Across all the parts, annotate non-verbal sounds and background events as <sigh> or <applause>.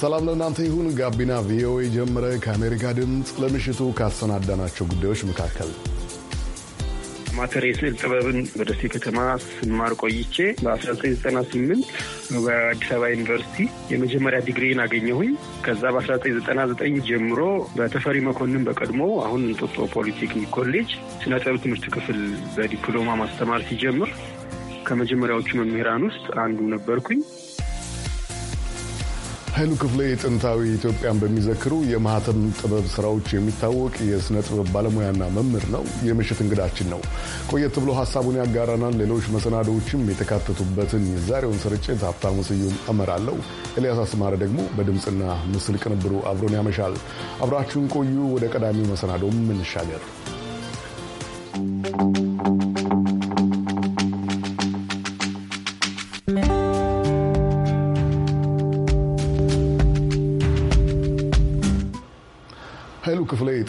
ሰላም ለእናንተ ይሁን። ጋቢና ቪኦኤ ጀምረ ከአሜሪካ ድምፅ ለምሽቱ ካሰናዳናቸው ጉዳዮች መካከል ማተር የስዕል ጥበብን በደሴ ከተማ ስማር ቆይቼ በ1998 በአዲስ አበባ ዩኒቨርሲቲ የመጀመሪያ ዲግሪን አገኘሁኝ። ከዛ በ1999 ጀምሮ በተፈሪ መኮንን በቀድሞ አሁን እንጦጦ ፖሊቴክኒክ ኮሌጅ ስነ ጥበብ ትምህርት ክፍል በዲፕሎማ ማስተማር ሲጀምር ከመጀመሪያዎቹ መምህራን ውስጥ አንዱ ነበርኩኝ። ኃይሉ ክፍሌ ጥንታዊ ኢትዮጵያን በሚዘክሩ የማህተም ጥበብ ስራዎች የሚታወቅ የሥነ ጥበብ ባለሙያና መምህር ነው። የምሽት እንግዳችን ነው። ቆየት ብሎ ሀሳቡን ያጋራናል። ሌሎች መሰናዶዎችም የተካተቱበትን የዛሬውን ስርጭት ሀብታሙ ስዩም እመራለሁ። ኤልያስ አስማረ ደግሞ በድምፅና ምስል ቅንብሩ አብሮን ያመሻል። አብራችሁን ቆዩ። ወደ ቀዳሚው መሰናዶም እንሻገር።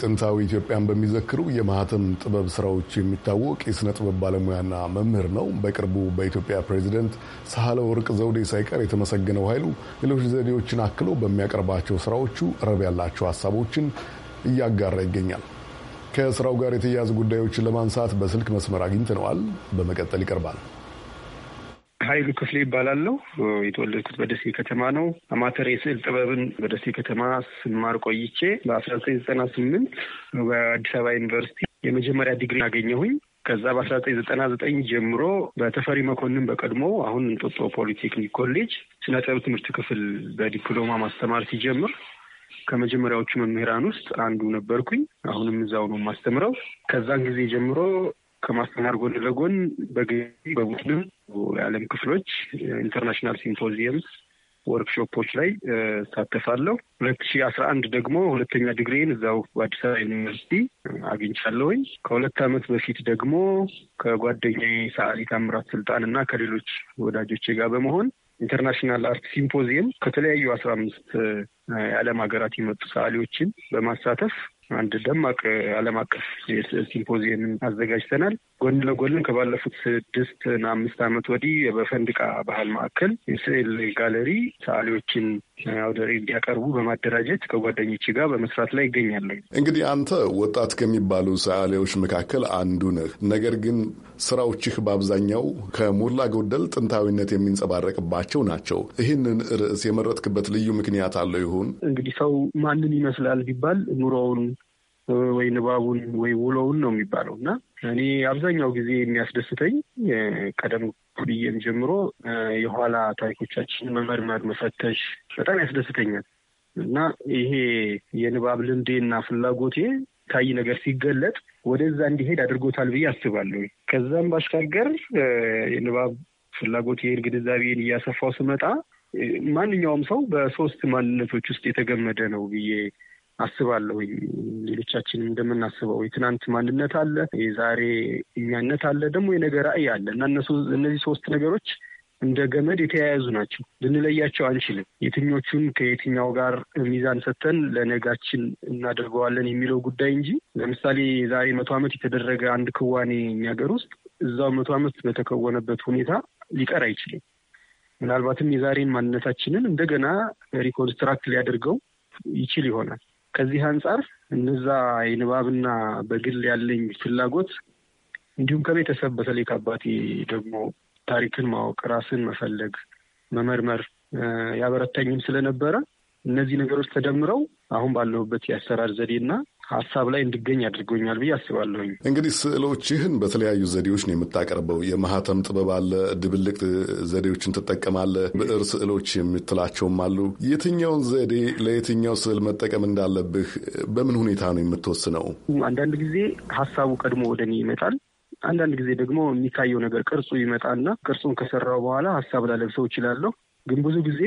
ጥንታዊ ኢትዮጵያን በሚዘክሩ የማህተም ጥበብ ስራዎች የሚታወቅ የሥነ ጥበብ ባለሙያና መምህር ነው። በቅርቡ በኢትዮጵያ ፕሬዚደንት ሳህለ ወርቅ ዘውዴ ሳይቀር የተመሰገነው ኃይሉ ሌሎች ዘዴዎችን አክሎ በሚያቀርባቸው ስራዎቹ ረብ ያላቸው ሀሳቦችን እያጋራ ይገኛል። ከስራው ጋር የተያያዙ ጉዳዮችን ለማንሳት በስልክ መስመር አግኝተነዋል። በመቀጠል ይቀርባል። ሀይሉ ክፍሌ ይባላለሁ። የተወለድኩት በደሴ ከተማ ነው። አማተር የስዕል ጥበብን በደሴ ከተማ ስማር ቆይቼ በአስራ ዘጠኝ ዘጠና ስምንት በአዲስ አበባ ዩኒቨርሲቲ የመጀመሪያ ዲግሪ አገኘሁኝ። ከዛ በአስራ ዘጠኝ ዘጠና ዘጠኝ ጀምሮ በተፈሪ መኮንን በቀድሞ አሁን እንጦጦ ፖሊቴክኒክ ኮሌጅ ስነ ጥበብ ትምህርት ክፍል በዲፕሎማ ማስተማር ሲጀምር ከመጀመሪያዎቹ መምህራን ውስጥ አንዱ ነበርኩኝ። አሁንም እዛው ነው የማስተምረው። ከዛን ጊዜ ጀምሮ ከማስተማር ጎን ለጎን በግቢ በቡድንም የዓለም ክፍሎች ኢንተርናሽናል ሲምፖዚየምስ ወርክሾፖች ላይ እሳተፋለሁ። ሁለት ሺ አስራ አንድ ደግሞ ሁለተኛ ዲግሪን እዛው በአዲስ አበባ ዩኒቨርሲቲ አግኝቻለሁኝ። ከሁለት ዓመት በፊት ደግሞ ከጓደኛዬ ሰዓሊ ታምራት ስልጣን እና ከሌሎች ወዳጆቼ ጋር በመሆን ኢንተርናሽናል አርት ሲምፖዚየም ከተለያዩ አስራ አምስት የዓለም ሀገራት የመጡ ሰዓሊዎችን በማሳተፍ አንድ ደማቅ ዓለም አቀፍ ሲምፖዚየም አዘጋጅተናል። ጎን ለጎንም ከባለፉት ስድስት እና አምስት ዓመት ወዲህ በፈንድቃ ባህል ማዕከል የስዕል ጋለሪ ሰዓሊዎችን አውደ እንዲያቀርቡ በማደራጀት ከጓደኞች ጋር በመስራት ላይ ይገኛሉ። እንግዲህ አንተ ወጣት ከሚባሉ ሰዓሊዎች መካከል አንዱ ነህ። ነገር ግን ስራዎችህ በአብዛኛው ከሞላ ጎደል ጥንታዊነት የሚንጸባረቅባቸው ናቸው። ይህንን ርዕስ የመረጥክበት ልዩ ምክንያት አለው? ይሁን እንግዲህ ሰው ማንን ይመስላል ቢባል ኑሮውን ወይ ንባቡን ወይ ውሎውን ነው የሚባለው እና እኔ አብዛኛው ጊዜ የሚያስደስተኝ ቀደም ብዬም ጀምሮ የኋላ ታሪኮቻችን መመርመር፣ መፈተሽ በጣም ያስደስተኛል እና ይሄ የንባብ ልምዴ እና ፍላጎቴ ታይ ነገር ሲገለጥ ወደዛ እንዲሄድ አድርጎታል ብዬ አስባለሁ። ከዛም ባሻገር የንባብ ፍላጎቴን ግንዛቤን እያሰፋው ስመጣ ማንኛውም ሰው በሶስት ማንነቶች ውስጥ የተገመደ ነው ብዬ አስባለሁኝ። ሌሎቻችንም እንደምናስበው የትናንት ማንነት አለ፣ የዛሬ እኛነት አለ፣ ደግሞ የነገ ራዕይ አለ እና እነዚህ ሶስት ነገሮች እንደ ገመድ የተያያዙ ናቸው። ልንለያቸው አንችልም። የትኞቹን ከየትኛው ጋር ሚዛን ሰጥተን ለነጋችን እናደርገዋለን የሚለው ጉዳይ እንጂ ለምሳሌ የዛሬ መቶ ዓመት የተደረገ አንድ ክዋኔ የሚያገር ውስጥ እዛው መቶ ዓመት በተከወነበት ሁኔታ ሊቀር አይችልም። ምናልባትም የዛሬን ማንነታችንን እንደገና ሪኮንስትራክት ሊያደርገው ይችል ይሆናል። ከዚህ አንጻር እነዛ የንባብና በግል ያለኝ ፍላጎት እንዲሁም ከቤተሰብ በተለይ ከአባቴ ደግሞ ታሪክን ማወቅ፣ ራስን መፈለግ፣ መመርመር ያበረታኝም ስለነበረ እነዚህ ነገሮች ተደምረው አሁን ባለሁበት የአሰራር ዘዴና ሀሳብ ላይ እንድገኝ አድርጎኛል ብዬ አስባለሁኝ። እንግዲህ ስዕሎችህን በተለያዩ ዘዴዎች ነው የምታቀርበው። የማህተም ጥበብ አለ፣ ድብልቅ ዘዴዎችን ትጠቀማለህ፣ ብዕር ስዕሎች የምትላቸውም አሉ። የትኛውን ዘዴ ለየትኛው ስዕል መጠቀም እንዳለብህ በምን ሁኔታ ነው የምትወስነው? አንዳንድ ጊዜ ሀሳቡ ቀድሞ ወደ እኔ ይመጣል። አንዳንድ ጊዜ ደግሞ የሚታየው ነገር ቅርጹ ይመጣና ቅርጹን ከሰራው በኋላ ሀሳብ ላለብሰው እችላለሁ። ግን ብዙ ጊዜ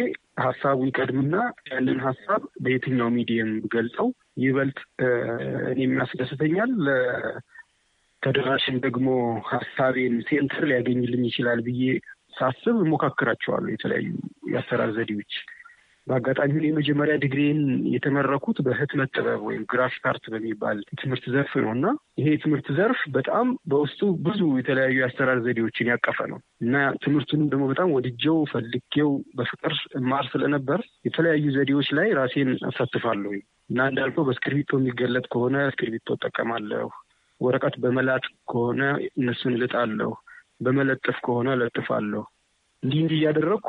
ሀሳቡ ይቀድምና ያንን ሀሳብ በየትኛው ሚዲየም ገልጸው ይበልጥ እኔም ያስደስተኛል ተደራሽን ደግሞ ሀሳቤን ሴንትር ሊያገኝልኝ ይችላል ብዬ ሳስብ እሞካክራቸዋለሁ የተለያዩ የአሰራር ዘዴዎች በአጋጣሚ የመጀመሪያ ዲግሪን የተመረኩት በህትመት ጥበብ ወይም ግራፊክ አርት በሚባል ትምህርት ዘርፍ ነው እና ይሄ የትምህርት ዘርፍ በጣም በውስጡ ብዙ የተለያዩ የአሰራር ዘዴዎችን ያቀፈ ነው እና ትምህርቱንም ደግሞ በጣም ወድጀው ፈልጌው በፍቅር ማር ስለነበር የተለያዩ ዘዴዎች ላይ ራሴን አሳትፋለሁ እና እንዳልከው በእስክርቢቶ የሚገለጥ ከሆነ እስክርቢቶ እጠቀማለሁ። ወረቀት በመላጥ ከሆነ እነሱን ልጣለሁ። በመለጠፍ ከሆነ እለጥፋለሁ። እንዲህ እንዲህ እያደረግኩ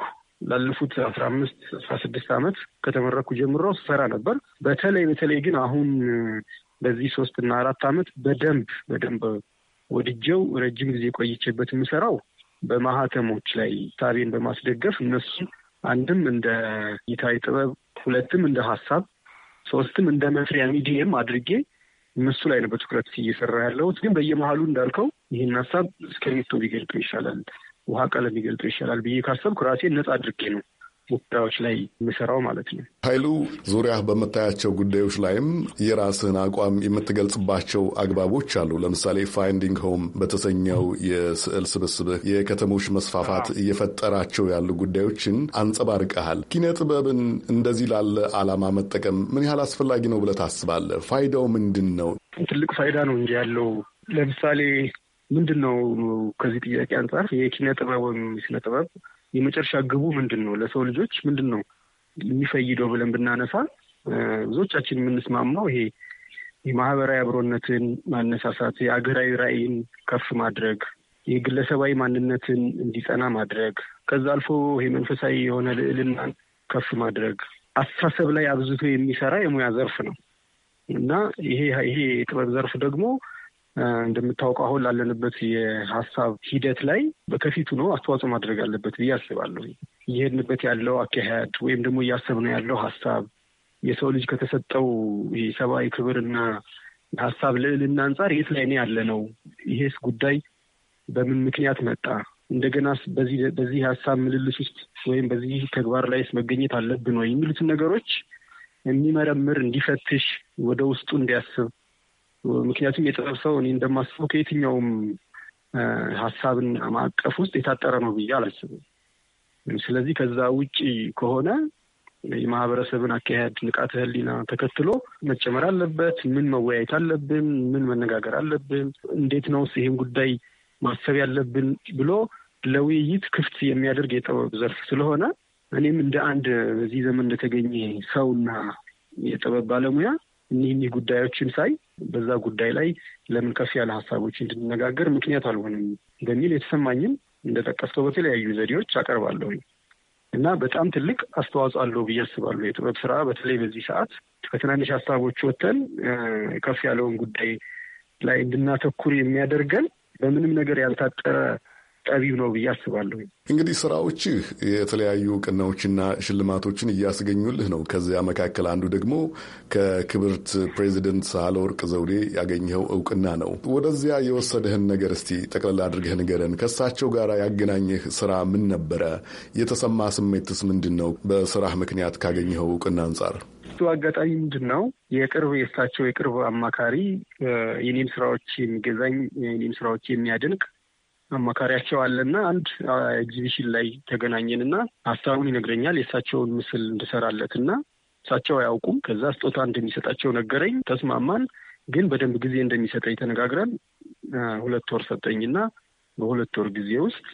ላለፉት አስራ አምስት አስራ ስድስት ዓመት ከተመረኩ ጀምሮ ስሰራ ነበር። በተለይ በተለይ ግን አሁን በዚህ ሶስት እና አራት ዓመት በደንብ በደንብ ወድጀው ረጅም ጊዜ ቆይቼበት የምሰራው በማህተሞች ላይ ሳቤን በማስደገፍ እነሱ አንድም እንደ ጌታዊ ጥበብ፣ ሁለትም እንደ ሀሳብ፣ ሶስትም እንደ መስሪያ ሚዲየም አድርጌ እነሱ ላይ ነው በትኩረት እየሰራ ያለሁት። ግን በየመሀሉ እንዳልከው ይህን ሀሳብ እስክሪብቶ ቢገልጠው ይሻላል ውሃ ቀለም ይገልጠው ይሻላል ብዬ ካሰብኩ ራሴን ነጻ አድርጌ ነው ጉዳዮች ላይ የምሰራው ማለት ነው። ኃይሉ ዙሪያ በምታያቸው ጉዳዮች ላይም የራስህን አቋም የምትገልጽባቸው አግባቦች አሉ። ለምሳሌ ፋይንዲንግ ሆም በተሰኘው የስዕል ስብስብህ የከተሞች መስፋፋት እየፈጠራቸው ያሉ ጉዳዮችን አንጸባርቀሃል። ኪነ ጥበብን እንደዚህ ላለ ዓላማ መጠቀም ምን ያህል አስፈላጊ ነው ብለህ ታስባለህ? ፋይዳው ምንድን ነው? ትልቅ ፋይዳ ነው እንጂ ያለው ለምሳሌ ምንድን ነው ከዚህ ጥያቄ አንጻር የኪነ ጥበብ ወይም የስነ ጥበብ የመጨረሻ ግቡ ምንድን ነው? ለሰው ልጆች ምንድን ነው የሚፈይደው ብለን ብናነሳ ብዙዎቻችን የምንስማማው ይሄ የማህበራዊ አብሮነትን ማነሳሳት፣ የአገራዊ ራዕይን ከፍ ማድረግ፣ የግለሰባዊ ማንነትን እንዲጸና ማድረግ፣ ከዛ አልፎ ይሄ መንፈሳዊ የሆነ ልዕልናን ከፍ ማድረግ አስተሳሰብ ላይ አብዝቶ የሚሰራ የሙያ ዘርፍ ነው እና ይሄ ይሄ የጥበብ ዘርፍ ደግሞ እንደምታውቀው አሁን ላለንበት የሀሳብ ሂደት ላይ በከፊቱ ነው አስተዋጽኦ ማድረግ አለበት ብዬ አስባለሁ። እየሄድንበት ያለው አካሄድ ወይም ደግሞ እያሰብነው ያለው ሀሳብ የሰው ልጅ ከተሰጠው ሰብአዊ ክብርና ሀሳብ ልዕልና አንጻር የት ላይ ነው ያለ ነው? ይሄስ ጉዳይ በምን ምክንያት መጣ? እንደገና በዚህ ሀሳብ ምልልስ ውስጥ ወይም በዚህ ተግባር ላይስ መገኘት አለብን ወይ የሚሉትን ነገሮች የሚመረምር እንዲፈትሽ፣ ወደ ውስጡ እንዲያስብ ምክንያቱም የጥበብ ሰው እኔ እንደማስበው ከየትኛውም ሀሳብና ማዕቀፍ ውስጥ የታጠረ ነው ብዬ አላስብም። ስለዚህ ከዛ ውጪ ከሆነ የማህበረሰብን አካሄድ፣ ንቃተ ህሊና ተከትሎ መጨመር አለበት። ምን መወያየት አለብን? ምን መነጋገር አለብን? እንዴት ነው ይህም ጉዳይ ማሰብ ያለብን ብሎ ለውይይት ክፍት የሚያደርግ የጥበብ ዘርፍ ስለሆነ እኔም እንደ አንድ በዚህ ዘመን እንደተገኘ ሰውና የጥበብ ባለሙያ እኒህ ጉዳዮችን ሳይ በዛ ጉዳይ ላይ ለምን ከፍ ያለ ሀሳቦች እንድንነጋገር ምክንያት አልሆንም በሚል የተሰማኝም እንደጠቀስከው በተለያዩ ዘዴዎች አቀርባለሁ እና በጣም ትልቅ አስተዋጽኦ አለው ብዬ አስባለሁ። የጥበብ ስራ በተለይ በዚህ ሰዓት ከትናንሽ ሀሳቦች ወጥተን ከፍ ያለውን ጉዳይ ላይ እንድናተኩር የሚያደርገን በምንም ነገር ያልታጠረ ጠቢብ ነው ብዬ አስባለሁ። እንግዲህ ስራዎችህ የተለያዩ እውቅናዎችና ሽልማቶችን እያስገኙልህ ነው። ከዚያ መካከል አንዱ ደግሞ ከክብርት ፕሬዚደንት ሳህለወርቅ ዘውዴ ያገኘኸው እውቅና ነው። ወደዚያ የወሰደህን ነገር እስቲ ጠቅለል አድርገህ ንገረን። ከእሳቸው ጋር ያገናኘህ ስራ ምን ነበረ? የተሰማ ስሜትስ ምንድን ነው? በስራህ ምክንያት ካገኘኸው እውቅና አንጻር እሱ አጋጣሚ ምንድን ነው የቅርብ የእሳቸው የቅርብ አማካሪ የኔም ስራዎች የሚገዛኝ የኔም ስራዎች የሚያደንቅ አማካሪያቸው አለና አንድ ኤግዚቢሽን ላይ ተገናኘን ና ሀሳቡን ይነግረኛል የእሳቸውን ምስል እንድሰራለት እሳቸው አያውቁም። ከዛ ስጦታ እንደሚሰጣቸው ነገረኝ። ተስማማን። ግን በደንብ ጊዜ እንደሚሰጠኝ ተነጋግረን ሁለት ወር ሰጠኝና በሁለት ወር ጊዜ ውስጥ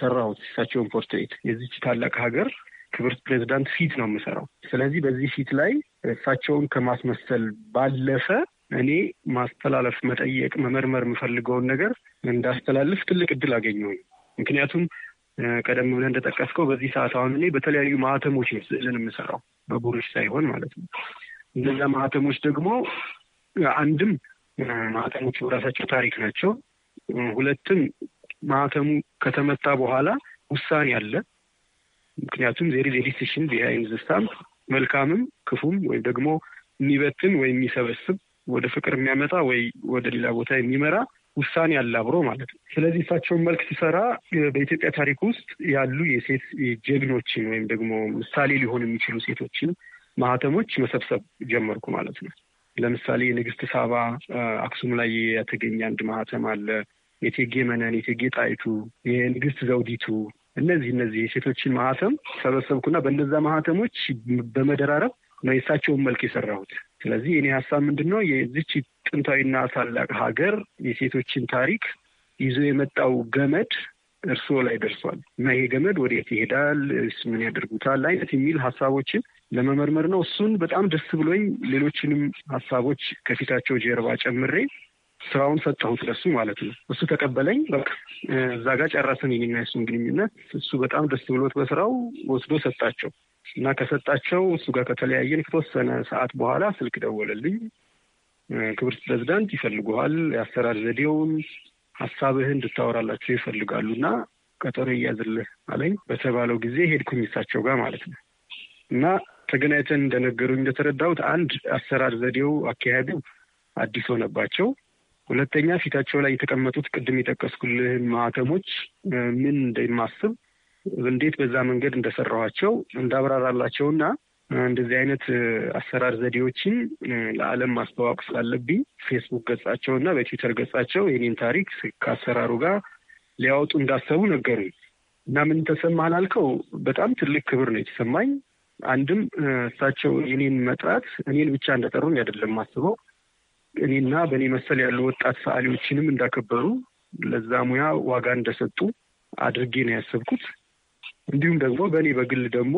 ሰራሁት እሳቸውን ፖርትሬት የዚች ታላቅ ሀገር ክብርት ፕሬዚዳንት ፊት ነው የምሰራው። ስለዚህ በዚህ ፊት ላይ እሳቸውን ከማስመሰል ባለፈ እኔ ማስተላለፍ፣ መጠየቅ፣ መመርመር የምፈልገውን ነገር እንዳስተላልፍ ትልቅ እድል አገኘሁኝ። ምክንያቱም ቀደም ብለህ እንደጠቀስከው በዚህ ሰዓት አሁን እኔ በተለያዩ ማህተሞች ነው ስዕልን የምሰራው በቡሮች ሳይሆን ማለት ነው። እነዛ ማህተሞች ደግሞ አንድም ማህተሞች በራሳቸው ታሪክ ናቸው። ሁለትም ማህተሙ ከተመታ በኋላ ውሳኔ አለ። ምክንያቱም ዜሪ ዜዲስሽን ቢሃይንድ ዘ ስታምፕ መልካምም ክፉም ወይም ደግሞ የሚበትን ወይም የሚሰበስብ ወደ ፍቅር የሚያመጣ ወይ ወደ ሌላ ቦታ የሚመራ ውሳኔ አለ አብሮ ማለት ነው። ስለዚህ እሳቸውን መልክ ሲሰራ በኢትዮጵያ ታሪክ ውስጥ ያሉ የሴት ጀግኖችን ወይም ደግሞ ምሳሌ ሊሆኑ የሚችሉ ሴቶችን ማህተሞች መሰብሰብ ጀመርኩ ማለት ነው። ለምሳሌ የንግስት ሳባ አክሱም ላይ የተገኘ አንድ ማህተም አለ። የቴጌ መነን፣ የቴጌ ጣይቱ፣ የንግስት ዘውዲቱ እነዚህ እነዚህ የሴቶችን ማህተም ሰበሰብኩና በእነዛ ማህተሞች በመደራረብ ነው የእሳቸውን መልክ የሰራሁት። ስለዚህ እኔ ሀሳብ ምንድን ነው የዚች ጥንታዊና ታላቅ ሀገር የሴቶችን ታሪክ ይዞ የመጣው ገመድ እርስዎ ላይ ደርሷል እና ይሄ ገመድ ወዴት ይሄዳል፣ ምን ያደርጉታል አይነት የሚል ሀሳቦችን ለመመርመር ነው። እሱን በጣም ደስ ብሎኝ ሌሎችንም ሀሳቦች ከፊታቸው ጀርባ ጨምሬ ስራውን ሰጠሁት ለሱ ማለት ነው። እሱ ተቀበለኝ። በቃ እዛ ጋር ጨረስን የእኔና የእሱን ግንኙነት። እሱ በጣም ደስ ብሎት በስራው ወስዶ ሰጣቸው። እና ከሰጣቸው እሱ ጋር ከተለያየን ከተወሰነ ሰዓት በኋላ ስልክ ደወለልኝ። ክብርት ፕሬዚዳንት ይፈልጉሃል፣ የአሰራር ዘዴውን ሀሳብህን እንድታወራላቸው ይፈልጋሉ እና ቀጠሮ ይያዝልህ አለኝ። በተባለው ጊዜ ሄድኩኝ እሳቸው ጋር ማለት ነው እና ተገናኝተን እንደነገሩኝ እንደተረዳሁት አንድ አሰራር ዘዴው አካሄዱ አዲስ ሆነባቸው። ሁለተኛ ፊታቸው ላይ የተቀመጡት ቅድም የጠቀስኩልህን ማህተሞች ምን እንደማስብ እንዴት በዛ መንገድ እንደሰራኋቸው እንዳብራራላቸውና እንደዚህ አይነት አሰራር ዘዴዎችን ለዓለም ማስተዋወቅ ስላለብኝ ፌስቡክ ገጻቸው እና በትዊተር ገጻቸው የኔን ታሪክ ከአሰራሩ ጋር ሊያወጡ እንዳሰቡ ነገሩኝ እና ምን ተሰማህ ላልከው በጣም ትልቅ ክብር ነው የተሰማኝ። አንድም እሳቸው የኔን መጥራት እኔን ብቻ እንደጠሩኝ አይደለም ማስበው እኔና በእኔ መሰል ያሉ ወጣት ሰዓሊዎችንም እንዳከበሩ፣ ለዛ ሙያ ዋጋ እንደሰጡ አድርጌ ነው ያሰብኩት። እንዲሁም ደግሞ በእኔ በግል ደግሞ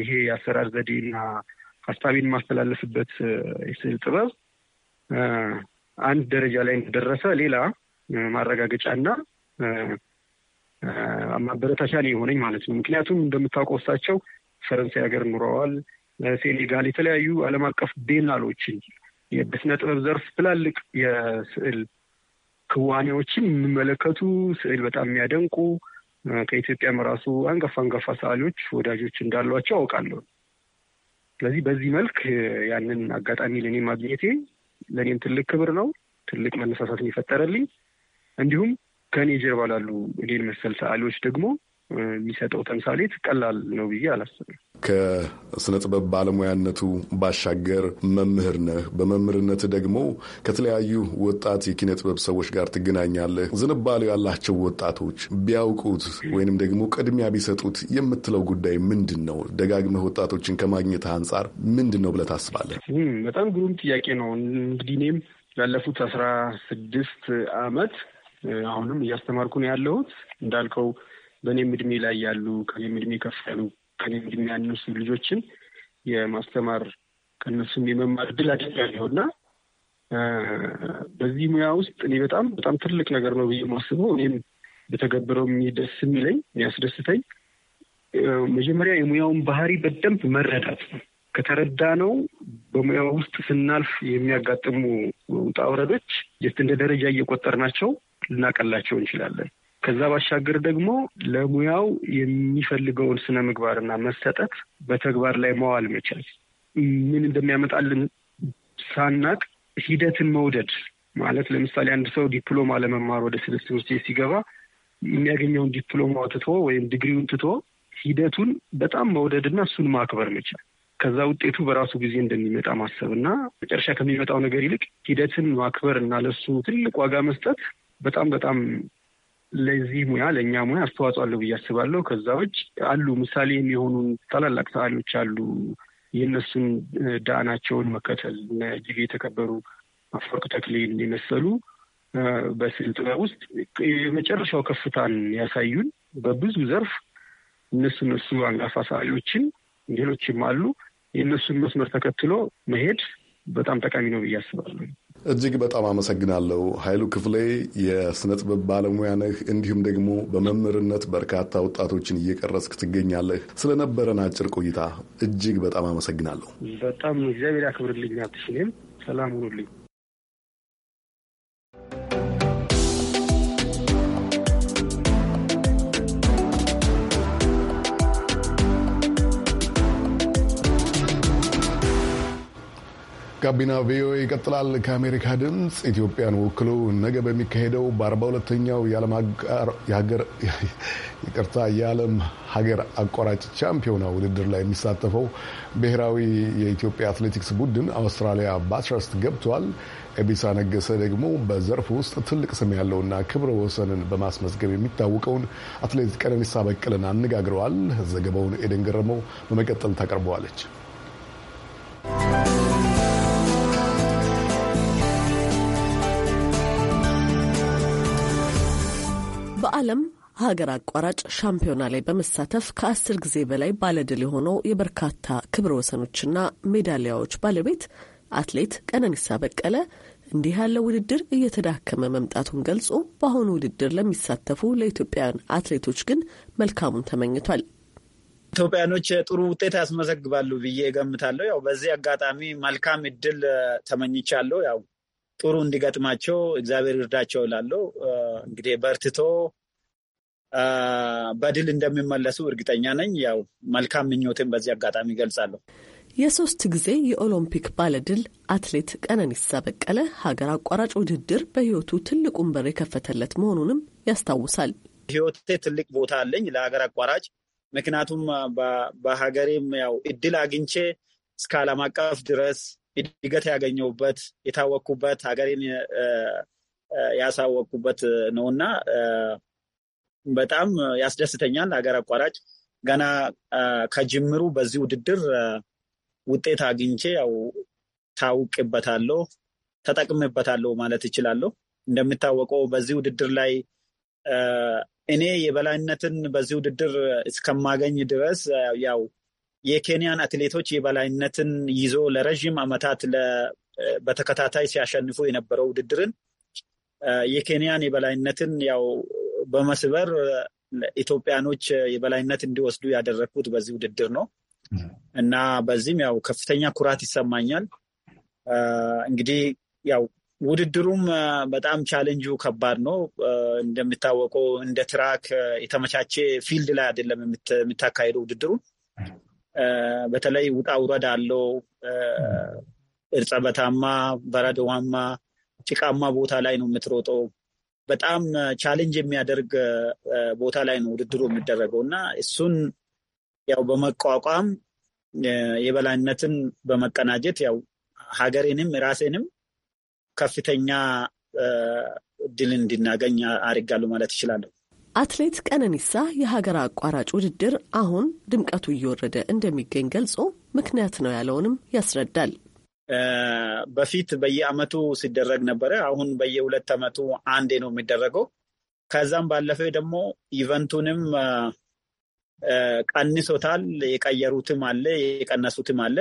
ይሄ የአሰራር ዘዴና ሀሳቤን የማስተላለፍበት የስዕል ጥበብ አንድ ደረጃ ላይ እንደደረሰ ሌላ ማረጋገጫና ማበረታቻ ነው የሆነኝ ማለት ነው። ምክንያቱም እንደምታውቀው እሳቸው ፈረንሳይ ሀገር ኑረዋል፣ ሴኔጋል፣ የተለያዩ ዓለም አቀፍ ቤናሎችን የበስነ ጥበብ ዘርፍ ትላልቅ የስዕል ክዋኔዎችን የሚመለከቱ ስዕል በጣም የሚያደንቁ ከኢትዮጵያም ራሱ አንጋፋ አንጋፋ ሰዓሊዎች ወዳጆች እንዳሏቸው አውቃለሁ። ስለዚህ በዚህ መልክ ያንን አጋጣሚ ለእኔ ማግኘቴ ለእኔም ትልቅ ክብር ነው፣ ትልቅ መነሳሳትን ይፈጠረልኝ እንዲሁም ከእኔ ጀርባ ላሉ እኔን መሰል ሰዓሊዎች ደግሞ የሚሰጠው ተምሳሌት ቀላል ነው ብዬ አላስብም። ከስነ ጥበብ ባለሙያነቱ ባሻገር መምህር ነህ። በመምህርነት ደግሞ ከተለያዩ ወጣት የኪነ ጥበብ ሰዎች ጋር ትገናኛለህ። ዝንባሌው ያላቸው ወጣቶች ቢያውቁት ወይንም ደግሞ ቅድሚያ ቢሰጡት የምትለው ጉዳይ ምንድን ነው? ደጋግመህ ወጣቶችን ከማግኘት አንጻር ምንድን ነው ብለህ ታስባለህ? በጣም ግሩም ጥያቄ ነው። እንግዲህ እኔም ላለፉት አስራ ስድስት አመት አሁንም እያስተማርኩ ነው ያለሁት እንዳልከው በእኔም እድሜ ላይ ያሉ ከኔም እድሜ ከፍ ያሉ ከኔም እድሜ ያነሱ ልጆችን የማስተማር ከነሱም የመማር እድል አግኝቻለሁ እና በዚህ ሙያ ውስጥ እኔ በጣም በጣም ትልቅ ነገር ነው ብዬ የማስበው እኔም በተገብረው የሚደስ የሚለኝ የሚያስደስተኝ መጀመሪያ የሙያውን ባህሪ በደንብ መረዳት ከተረዳ ነው በሙያው ውስጥ ስናልፍ የሚያጋጥሙ ውጣ ውረዶች እንደ ደረጃ እየቆጠርናቸው ልናቀላቸው እንችላለን። ከዛ ባሻገር ደግሞ ለሙያው የሚፈልገውን ስነ ምግባርና መሰጠት በተግባር ላይ መዋል መቻል ምን እንደሚያመጣልን ሳናቅ ሂደትን መውደድ ማለት ለምሳሌ አንድ ሰው ዲፕሎማ ለመማር ወደ ስድስት ትምህርት ቤት ሲገባ የሚያገኘውን ዲፕሎማ ትቶ ወይም ዲግሪውን ትቶ ሂደቱን በጣም መውደድና እሱን ማክበር መቻል ከዛ ውጤቱ በራሱ ጊዜ እንደሚመጣ ማሰብ እና መጨረሻ ከሚመጣው ነገር ይልቅ ሂደትን ማክበር እና ለሱ ትልቅ ዋጋ መስጠት በጣም በጣም ለዚህ ሙያ ለእኛ ሙያ አስተዋጽኦ አለው ብዬ አስባለሁ። ከዛ ውጭ አሉ ምሳሌ የሚሆኑን ታላላቅ ሰዓሊዎች አሉ። የእነሱን ዳናቸውን መከተል እጅግ የተከበሩ አፈወርቅ ተክሌን የመሰሉ በስዕል ጥበብ ውስጥ የመጨረሻው ከፍታን ያሳዩን በብዙ ዘርፍ እነሱ እነሱ አንጋፋ ሰዓሊዎችን ሌሎችም አሉ። የእነሱን መስመር ተከትሎ መሄድ በጣም ጠቃሚ ነው ብዬ አስባለሁ። እጅግ በጣም አመሰግናለሁ ኃይሉ ክፍሌ። የስነ ጥበብ ባለሙያ ነህ፣ እንዲሁም ደግሞ በመምህርነት በርካታ ወጣቶችን እየቀረጽክ ትገኛለህ። ስለነበረን አጭር ቆይታ እጅግ በጣም አመሰግናለሁ። በጣም እግዚአብሔር ያክብርልኝ። አትሽኔም ሰላም ሁኑልኝ። ጋቢና ቪኦኤ ይቀጥላል። ከአሜሪካ ድምፅ ኢትዮጵያን ወክሎ ነገ በሚካሄደው በአርባ ሁለተኛው <laughs> ይቅርታ የዓለም ሀገር አቋራጭ ቻምፒዮና ውድድር ላይ የሚሳተፈው ብሔራዊ የኢትዮጵያ አትሌቲክስ ቡድን አውስትራሊያ ባትረስት ገብቷል። ኤቢሳ ነገሰ ደግሞ በዘርፍ ውስጥ ትልቅ ስም ያለውና ክብረ ወሰንን በማስመዝገብ የሚታወቀውን አትሌት ቀነኒሳ በቀለን አነጋግረዋል። ዘገባውን ኤደን ገረመው በመቀጠል ታቀርበዋለች። በዓለም ሀገር አቋራጭ ሻምፒዮና ላይ በመሳተፍ ከአስር ጊዜ በላይ ባለድል የሆነው የበርካታ ክብረ ወሰኖችና ሜዳሊያዎች ባለቤት አትሌት ቀነኒሳ በቀለ እንዲህ ያለው ውድድር እየተዳከመ መምጣቱን ገልጾ በአሁኑ ውድድር ለሚሳተፉ ለኢትዮጵያውያን አትሌቶች ግን መልካሙን ተመኝቷል። ኢትዮጵያኖች ጥሩ ውጤት ያስመዘግባሉ ብዬ እገምታለሁ። ያው በዚህ አጋጣሚ መልካም እድል ተመኝቻለሁ። ያው ጥሩ እንዲገጥማቸው እግዚአብሔር ይርዳቸው እላለሁ። እንግዲህ በርትቶ በድል እንደሚመለሱ እርግጠኛ ነኝ። ያው መልካም ምኞትን በዚህ አጋጣሚ ይገልጻለሁ። የሶስት ጊዜ የኦሎምፒክ ባለድል አትሌት ቀነኒሳ በቀለ ሀገር አቋራጭ ውድድር በህይወቱ ትልቁን በር የከፈተለት መሆኑንም ያስታውሳል። ህይወቴ ትልቅ ቦታ አለኝ ለሀገር አቋራጭ ምክንያቱም በሀገሬም ያው እድል አግኝቼ እስከ ዓለም አቀፍ ድረስ እድገት ያገኘሁበት የታወቅኩበት ሀገሬን ያሳወቅኩበት ነውና በጣም ያስደስተኛል። ሀገር አቋራጭ ገና ከጅምሩ በዚህ ውድድር ውጤት አግኝቼ ያው ታውቅበታለሁ፣ ተጠቅምበታለሁ ማለት እችላለሁ። እንደሚታወቀው በዚህ ውድድር ላይ እኔ የበላይነትን በዚህ ውድድር እስከማገኝ ድረስ ያው የኬንያን አትሌቶች የበላይነትን ይዞ ለረዥም ዓመታት በተከታታይ ሲያሸንፉ የነበረው ውድድርን የኬንያን የበላይነትን ያው በመስበር ኢትዮጵያኖች የበላይነት እንዲወስዱ ያደረግኩት በዚህ ውድድር ነው እና በዚህም ያው ከፍተኛ ኩራት ይሰማኛል። እንግዲህ ያው ውድድሩም በጣም ቻሌንጁ ከባድ ነው። እንደሚታወቀው እንደ ትራክ የተመቻቸ ፊልድ ላይ አይደለም የምታካሄደው ውድድሩን። በተለይ ውጣ ውረድ አለው። እርጥበታማ፣ በረዶዋማ፣ ጭቃማ ቦታ ላይ ነው የምትሮጠው። በጣም ቻሌንጅ የሚያደርግ ቦታ ላይ ነው ውድድሩ የሚደረገው እና እሱን ያው በመቋቋም የበላይነትን በመቀናጀት ያው ሀገሬንም ራሴንም ከፍተኛ እድል እንድናገኝ አድርጋሉ ማለት እችላለሁ። አትሌት ቀነኒሳ የሀገር አቋራጭ ውድድር አሁን ድምቀቱ እየወረደ እንደሚገኝ ገልጾ ምክንያት ነው ያለውንም ያስረዳል። በፊት በየአመቱ ሲደረግ ነበረ። አሁን በየሁለት አመቱ አንዴ ነው የሚደረገው። ከዛም ባለፈ ደግሞ ኢቨንቱንም ቀንሶታል። የቀየሩትም አለ፣ የቀነሱትም አለ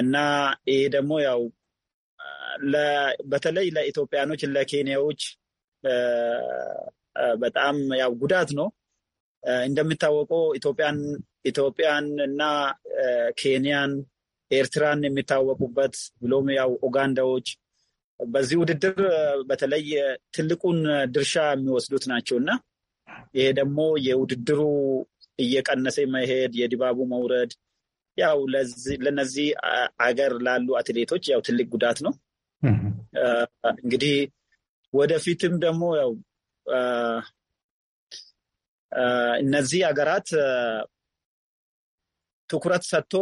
እና ይሄ ደግሞ ያው በተለይ ለኢትዮጵያኖች ለኬንያዎች በጣም ያው ጉዳት ነው። እንደሚታወቀው ኢትዮጵያን እና ኬንያን ኤርትራን የሚታወቁበት ብሎም ያው ኡጋንዳዎች በዚህ ውድድር በተለይ ትልቁን ድርሻ የሚወስዱት ናቸው እና ይሄ ደግሞ የውድድሩ እየቀነሰ መሄድ የድባቡ መውረድ ያው ለነዚህ አገር ላሉ አትሌቶች ያው ትልቅ ጉዳት ነው። እንግዲህ ወደፊትም ደግሞ ያው እነዚህ ሀገራት ትኩረት ሰጥቶ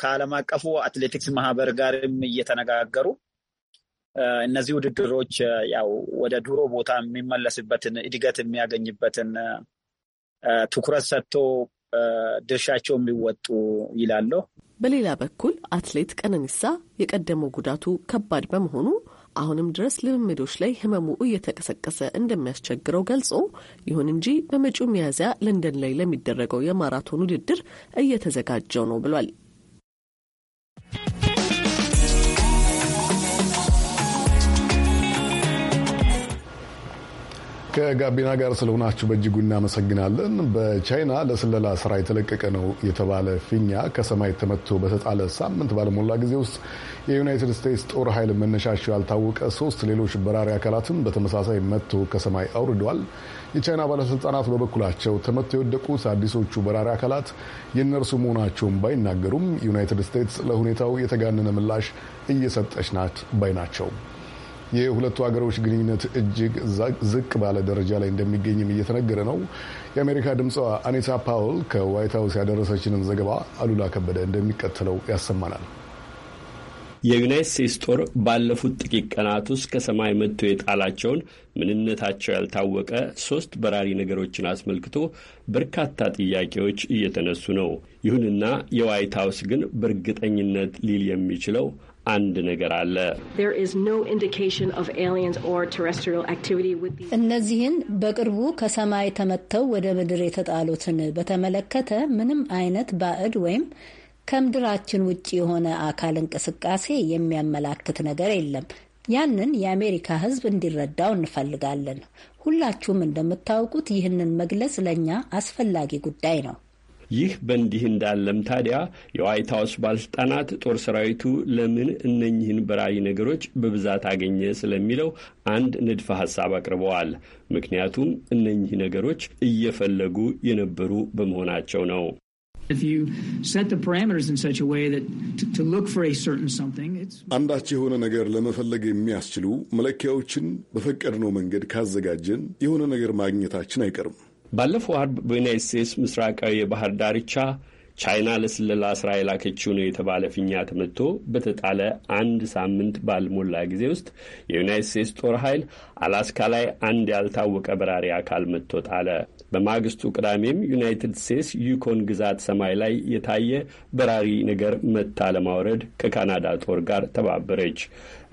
ከዓለም አቀፉ አትሌቲክስ ማህበር ጋርም እየተነጋገሩ እነዚህ ውድድሮች ያው ወደ ድሮ ቦታ የሚመለስበትን እድገት የሚያገኝበትን ትኩረት ሰጥቶ ድርሻቸው የሚወጡ ይላሉ። በሌላ በኩል አትሌት ቀነኒሳ የቀደመው ጉዳቱ ከባድ በመሆኑ አሁንም ድረስ ልምምዶች ላይ ህመሙ እየተቀሰቀሰ እንደሚያስቸግረው ገልጾ፣ ይሁን እንጂ በመጪው ሚያዝያ ለንደን ላይ ለሚደረገው የማራቶን ውድድር እየተዘጋጀው ነው ብሏል። ከጋቢና ጋር ስለሆናችሁ በእጅጉ እናመሰግናለን። በቻይና ለስለላ ስራ የተለቀቀ ነው የተባለ ፊኛ ከሰማይ ተመትቶ በተጣለ ሳምንት ባለሞላ ጊዜ ውስጥ የዩናይትድ ስቴትስ ጦር ኃይል መነሻቸው ያልታወቀ ሶስት ሌሎች በራሪ አካላትን በተመሳሳይ መጥቶ ከሰማይ አውርደዋል። የቻይና ባለስልጣናት በበኩላቸው ተመቶ የወደቁት አዲሶቹ በራሪ አካላት የእነርሱ መሆናቸውን ባይናገሩም ዩናይትድ ስቴትስ ለሁኔታው የተጋነነ ምላሽ እየሰጠች ናት ባይ ናቸው። የሁለቱ ሀገሮች ግንኙነት እጅግ ዝቅ ባለ ደረጃ ላይ እንደሚገኝም እየተነገረ ነው። የአሜሪካ ድምፅዋ አኒታ ፓውል ከዋይት ሀውስ ያደረሰችንን ዘገባ አሉላ ከበደ እንደሚቀጥለው ያሰማናል። የዩናይት ስቴትስ ጦር ባለፉት ጥቂት ቀናት ውስጥ ከሰማይ መጥቶ የጣላቸውን ምንነታቸው ያልታወቀ ሶስት በራሪ ነገሮችን አስመልክቶ በርካታ ጥያቄዎች እየተነሱ ነው። ይሁንና የዋይት ሀውስ ግን በእርግጠኝነት ሊል የሚችለው አንድ ነገር አለ። እነዚህን በቅርቡ ከሰማይ ተመተው ወደ ምድር የተጣሉትን በተመለከተ ምንም አይነት ባዕድ ወይም ከምድራችን ውጭ የሆነ አካል እንቅስቃሴ የሚያመላክት ነገር የለም። ያንን የአሜሪካ ሕዝብ እንዲረዳው እንፈልጋለን። ሁላችሁም እንደምታውቁት ይህንን መግለጽ ለእኛ አስፈላጊ ጉዳይ ነው። ይህ በእንዲህ እንዳለም ታዲያ የዋይት ሀውስ ባለስልጣናት ጦር ሰራዊቱ ለምን እነኝህን በራሪ ነገሮች በብዛት አገኘ ስለሚለው አንድ ንድፈ ሀሳብ አቅርበዋል። ምክንያቱም እነኚህ ነገሮች እየፈለጉ የነበሩ በመሆናቸው ነው። አንዳች የሆነ ነገር ለመፈለግ የሚያስችሉ መለኪያዎችን በፈቀድነው መንገድ ካዘጋጀን የሆነ ነገር ማግኘታችን አይቀርም። ባለፈው አርብ በዩናይት ስቴትስ ምስራቃዊ የባህር ዳርቻ ቻይና ለስለላ ስራ የላከችው ነው የተባለ ፊኛ ተመትቶ በተጣለ አንድ ሳምንት ባልሞላ ጊዜ ውስጥ የዩናይት ስቴትስ ጦር ኃይል አላስካ ላይ አንድ ያልታወቀ በራሪ አካል መጥቶ ጣለ። በማግስቱ ቅዳሜም ዩናይትድ ስቴትስ ዩኮን ግዛት ሰማይ ላይ የታየ በራሪ ነገር መታ ለማውረድ ከካናዳ ጦር ጋር ተባበረች።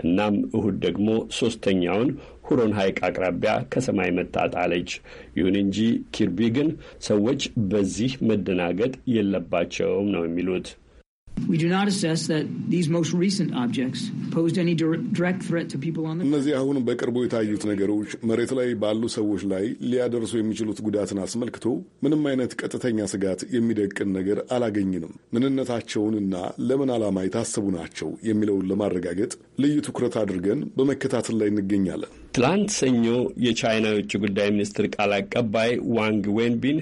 እናም እሁድ ደግሞ ሶስተኛውን ሁሮን ሐይቅ አቅራቢያ ከሰማይ መታ ጣለች። ይሁን እንጂ ኪርቢ ግን ሰዎች በዚህ መደናገጥ የለባቸውም ነው የሚሉት። እነዚህ አሁን በቅርቡ የታዩት ነገሮች መሬት ላይ ባሉ ሰዎች ላይ ሊያደርሱ የሚችሉት ጉዳትን አስመልክቶ ምንም አይነት ቀጥተኛ ስጋት የሚደቅን ነገር አላገኝንም። ምንነታቸውንና ለምን ዓላማ የታሰቡ ናቸው የሚለውን ለማረጋገጥ ልዩ ትኩረት አድርገን በመከታተል ላይ እንገኛለን። ትላንት ሰኞ የቻይና የውጭ ጉዳይ ሚኒስትር ቃል አቀባይ ዋንግ ዌንቢን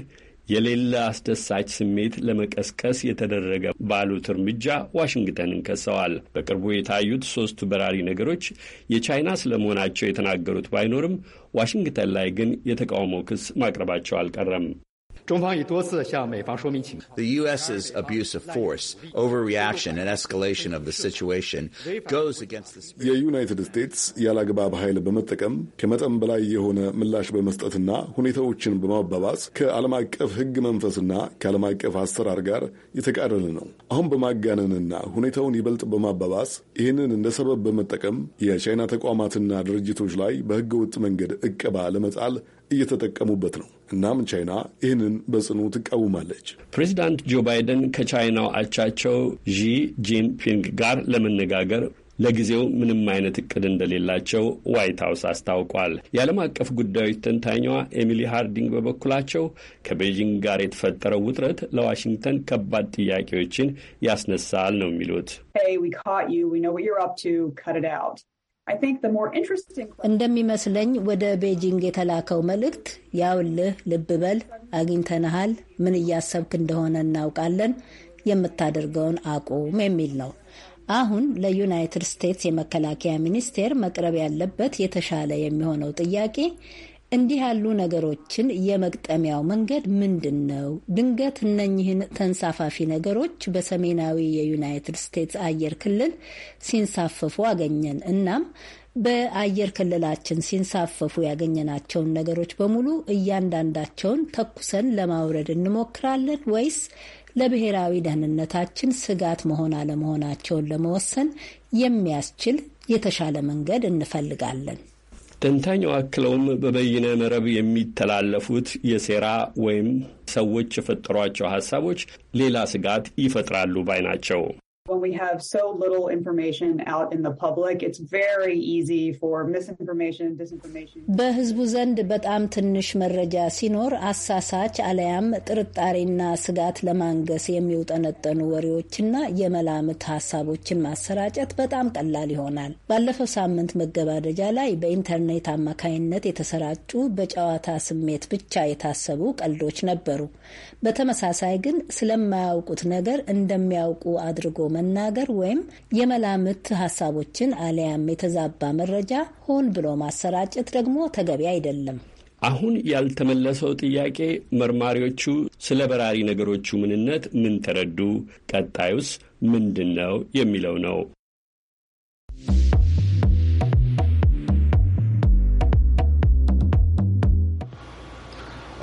የሌለ አስደሳች ስሜት ለመቀስቀስ የተደረገ ባሉት እርምጃ ዋሽንግተንን ከሰዋል። በቅርቡ የታዩት ሶስቱ በራሪ ነገሮች የቻይና ስለመሆናቸው የተናገሩት ባይኖርም ዋሽንግተን ላይ ግን የተቃውሞ ክስ ማቅረባቸው አልቀረም። 中方已多次向美方说明情况。The U.S.'s abuse of force, overreaction, and escalation of the situation goes against the. የዩናይትድ ስቴትስ ያላግባብ ኃይል በመጠቀም ከመጠን በላይ የሆነ ምላሽ በመስጠትና ሁኔታዎችን በማባባስ ከዓለም አቀፍ ሕግ መንፈስና ከዓለም አቀፍ አሰራር ጋር የተቃረነ ነው። አሁን በማጋነንና ሁኔታውን ይበልጥ በማባባስ ይህንን እንደ ሰበብ በመጠቀም የቻይና ተቋማትና ድርጅቶች ላይ በሕገ ወጥ መንገድ ዕቀባ ለመጣል እየተጠቀሙበት ነው። እናም ቻይና ይህንን በጽኑ ትቃውማለች። ፕሬዚዳንት ጆ ባይደን ከቻይናው አቻቸው ዢ ጂንፒንግ ጋር ለመነጋገር ለጊዜው ምንም አይነት እቅድ እንደሌላቸው ዋይት ሀውስ አስታውቋል። የዓለም አቀፍ ጉዳዮች ተንታኛዋ ኤሚሊ ሃርዲንግ በበኩላቸው ከቤጂንግ ጋር የተፈጠረው ውጥረት ለዋሽንግተን ከባድ ጥያቄዎችን ያስነሳል ነው የሚሉት እንደሚመስለኝ ወደ ቤጂንግ የተላከው መልእክት ያውልህ፣ ልብ በል፣ አግኝተንሃል፣ ምን እያሰብክ እንደሆነ እናውቃለን፣ የምታደርገውን አቁም የሚል ነው። አሁን ለዩናይትድ ስቴትስ የመከላከያ ሚኒስቴር መቅረብ ያለበት የተሻለ የሚሆነው ጥያቄ እንዲህ ያሉ ነገሮችን የመግጠሚያው መንገድ ምንድን ነው? ድንገት እነኚህን ተንሳፋፊ ነገሮች በሰሜናዊ የዩናይትድ ስቴትስ አየር ክልል ሲንሳፈፉ አገኘን። እናም በአየር ክልላችን ሲንሳፈፉ ያገኘናቸውን ነገሮች በሙሉ እያንዳንዳቸውን ተኩሰን ለማውረድ እንሞክራለን ወይስ ለብሔራዊ ደህንነታችን ስጋት መሆን አለመሆናቸውን ለመወሰን የሚያስችል የተሻለ መንገድ እንፈልጋለን? ተንታኛው አክለውም በበይነ መረብ የሚተላለፉት የሴራ ወይም ሰዎች የፈጠሯቸው ሀሳቦች ሌላ ስጋት ይፈጥራሉ ባይ ናቸው። When we have so little information out in the public, it's very easy for misinformation, disinformation. በህዝቡ ዘንድ በጣም ትንሽ መረጃ ሲኖር አሳሳች አለያም ጥርጣሬና ስጋት ለማንገስ የሚውጠነጠኑ ወሬዎችና የመላምት ሀሳቦችን ማሰራጨት በጣም ቀላል ይሆናል። ባለፈው ሳምንት መገባደጃ ላይ በኢንተርኔት አማካይነት የተሰራጩ በጨዋታ ስሜት ብቻ የታሰቡ ቀልዶች ነበሩ። በተመሳሳይ ግን ስለማያውቁት ነገር እንደሚያውቁ አድርጎ መናገር ወይም የመላምት ሀሳቦችን አሊያም የተዛባ መረጃ ሆን ብሎ ማሰራጨት ደግሞ ተገቢ አይደለም። አሁን ያልተመለሰው ጥያቄ መርማሪዎቹ ስለ በራሪ ነገሮቹ ምንነት ምን ተረዱ፣ ቀጣዩስ ምንድን ነው የሚለው ነው።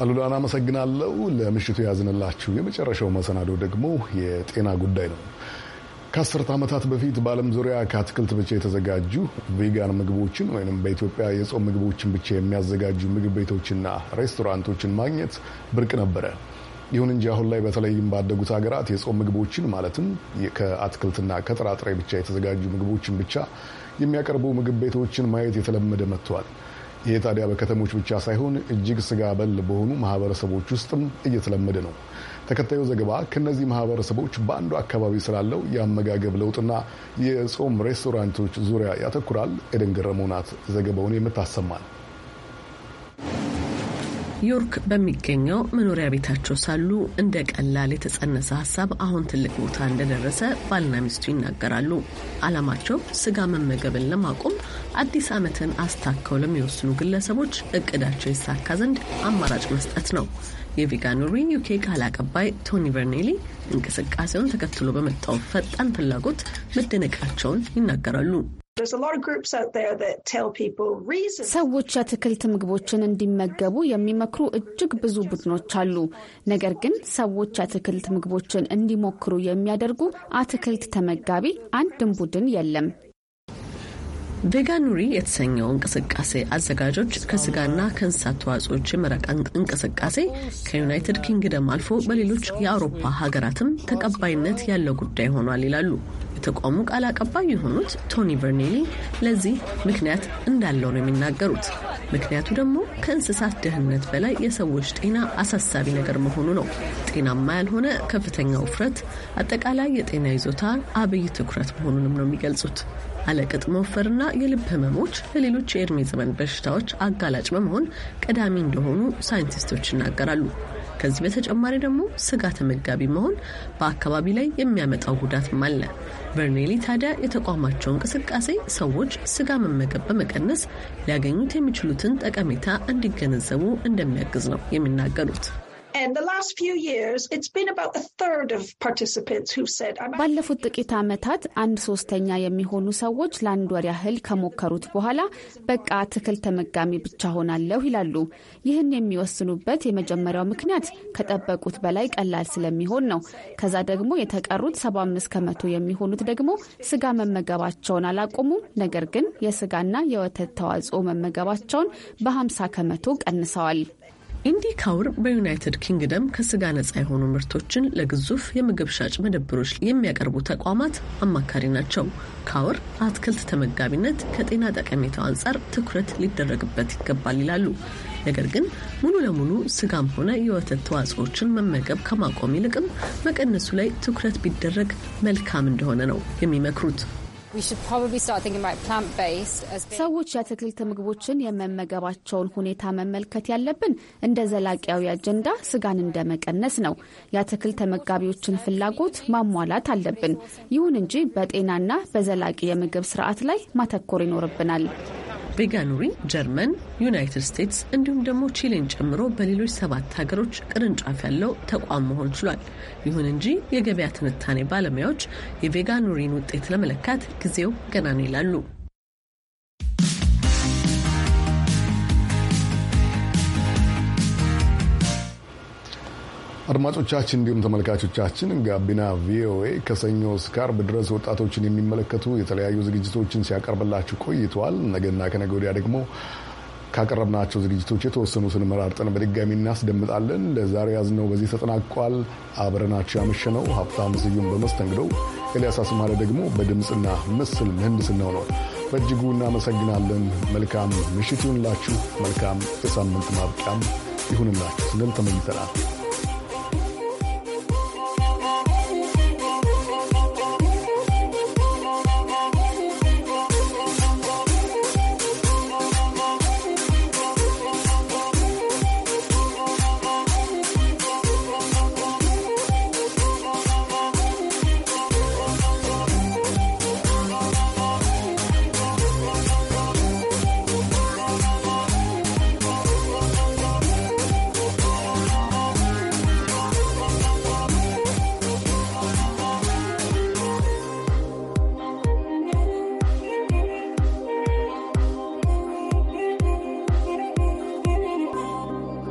አሉላን አመሰግናለሁ። ለምሽቱ የያዝንላችሁ የመጨረሻው መሰናዶ ደግሞ የጤና ጉዳይ ነው። ከአስርት ዓመታት በፊት በዓለም ዙሪያ ከአትክልት ብቻ የተዘጋጁ ቬጋን ምግቦችን ወይም በኢትዮጵያ የጾም ምግቦችን ብቻ የሚያዘጋጁ ምግብ ቤቶችና ሬስቶራንቶችን ማግኘት ብርቅ ነበረ። ይሁን እንጂ አሁን ላይ በተለይም ባደጉት ሀገራት የጾም ምግቦችን ማለትም ከአትክልትና ከጥራጥሬ ብቻ የተዘጋጁ ምግቦችን ብቻ የሚያቀርቡ ምግብ ቤቶችን ማየት የተለመደ መጥቷል። ይህ ታዲያ በከተሞች ብቻ ሳይሆን እጅግ ስጋ በል በሆኑ ማህበረሰቦች ውስጥም እየተለመደ ነው። ተከታዩ ዘገባ ከእነዚህ ማህበረሰቦች በአንዱ አካባቢ ስላለው የአመጋገብ ለውጥና የጾም ሬስቶራንቶች ዙሪያ ያተኩራል። ኤደን ገረመው ናት ዘገባውን የምታሰማል። ዮርክ በሚገኘው መኖሪያ ቤታቸው ሳሉ እንደ ቀላል የተጸነሰ ሀሳብ አሁን ትልቅ ቦታ እንደደረሰ ባልና ሚስቱ ይናገራሉ። አላማቸው ስጋ መመገብን ለማቆም አዲስ ዓመትን አስታከው ለሚወስኑ ግለሰቦች እቅዳቸው ይሳካ ዘንድ አማራጭ መስጠት ነው። የቪጋኖሪን ዩኬ ቃል አቀባይ ቶኒ ቨርኔሊ እንቅስቃሴውን ተከትሎ በመጣው ፈጣን ፍላጎት መደነቃቸውን ይናገራሉ። ሰዎች የአትክልት ምግቦችን እንዲመገቡ የሚመክሩ እጅግ ብዙ ቡድኖች አሉ። ነገር ግን ሰዎች የአትክልት ምግቦችን እንዲሞክሩ የሚያደርጉ አትክልት ተመጋቢ አንድም ቡድን የለም። ቬጋኑሪ የተሰኘው እንቅስቃሴ አዘጋጆች ከስጋና ከእንስሳት ተዋጽኦች የመረቃ እንቅስቃሴ ከዩናይትድ ኪንግደም አልፎ በሌሎች የአውሮፓ ሀገራትም ተቀባይነት ያለው ጉዳይ ሆኗል ይላሉ። የተቋሙ ቃል አቀባይ የሆኑት ቶኒ ቨርኔሊ ለዚህ ምክንያት እንዳለው ነው የሚናገሩት። ምክንያቱ ደግሞ ከእንስሳት ደህንነት በላይ የሰዎች ጤና አሳሳቢ ነገር መሆኑ ነው። ጤናማ ያልሆነ ከፍተኛ ውፍረት አጠቃላይ የጤና ይዞታ አብይ ትኩረት መሆኑንም ነው የሚገልጹት። አለቅጥ መወፈርና የልብ ህመሞች ለሌሎች የእድሜ ዘመን በሽታዎች አጋላጭ በመሆን ቀዳሚ እንደሆኑ ሳይንቲስቶች ይናገራሉ። ከዚህ በተጨማሪ ደግሞ ስጋ ተመጋቢ መሆን በአካባቢ ላይ የሚያመጣው ጉዳትም አለ። በርኔሊ ታዲያ የተቋማቸው እንቅስቃሴ ሰዎች ስጋ መመገብ በመቀነስ ሊያገኙት የሚችሉትን ጠቀሜታ እንዲገነዘቡ እንደሚያግዝ ነው የሚናገሩት። ባለፉት ጥቂት ዓመታት አንድ ሶስተኛ የሚሆኑ ሰዎች ለአንድ ወር ያህል ከሞከሩት በኋላ በቃ አትክልት ተመጋሚ ብቻ ሆናለሁ ይላሉ። ይህን የሚወስኑበት የመጀመሪያው ምክንያት ከጠበቁት በላይ ቀላል ስለሚሆን ነው። ከዛ ደግሞ የተቀሩት 75 ከመቶ የሚሆኑት ደግሞ ስጋ መመገባቸውን አላቆሙም፣ ነገር ግን የስጋና የወተት ተዋጽኦ መመገባቸውን በ50 ከመቶ ቀንሰዋል። ኢንዲ ካውር በዩናይትድ ኪንግደም ከስጋ ነጻ የሆኑ ምርቶችን ለግዙፍ የምግብ ሻጭ መደብሮች የሚያቀርቡ ተቋማት አማካሪ ናቸው። ካውር አትክልት ተመጋቢነት ከጤና ጠቀሜታው አንጻር ትኩረት ሊደረግበት ይገባል ይላሉ። ነገር ግን ሙሉ ለሙሉ ስጋም ሆነ የወተት ተዋጽዎችን መመገብ ከማቆም ይልቅም መቀነሱ ላይ ትኩረት ቢደረግ መልካም እንደሆነ ነው የሚመክሩት። ሰዎች የአትክልት ምግቦችን የመመገባቸውን ሁኔታ መመልከት ያለብን እንደ ዘላቂያዊ አጀንዳ ስጋን እንደመቀነስ ነው። የአትክልት ተመጋቢዎችን ፍላጎት ማሟላት አለብን። ይሁን እንጂ በጤናና በዘላቂ የምግብ ስርዓት ላይ ማተኮር ይኖርብናል። ቤጋኑሪ ጀርመን፣ ዩናይትድ ስቴትስ እንዲሁም ደግሞ ቺሌን ጨምሮ በሌሎች ሰባት ሀገሮች ቅርንጫፍ ያለው ተቋም መሆን ችሏል። ይሁን እንጂ የገበያ ትንታኔ ባለሙያዎች የቬጋኑሪን ውጤት ለመለካት ጊዜው ገና ነው ይላሉ። አድማጮቻችን እንዲሁም ተመልካቾቻችን ጋቢና ቪኦኤ ከሰኞ እስከ አርብ ድረስ ወጣቶችን የሚመለከቱ የተለያዩ ዝግጅቶችን ሲያቀርብላችሁ ቆይተዋል። ነገና ከነገ ወዲያ ደግሞ ካቀረብናቸው ዝግጅቶች የተወሰኑትን መራርጠን በድጋሚ እናስደምጣለን። ለዛሬ ያዝነው በዚህ ተጠናቋል። አብረናቸው ያመሸነው ሀብታም ስዩም በመስተንግዶው፣ ኤልያስ አስማረ ደግሞ በድምፅና ምስል ምህንድስናው ነው። በእጅጉ እናመሰግናለን። መልካም ምሽት ይሁንላችሁ። መልካም የሳምንት ማብቂያም ይሁንላችሁ ስንል ተመኝተናል።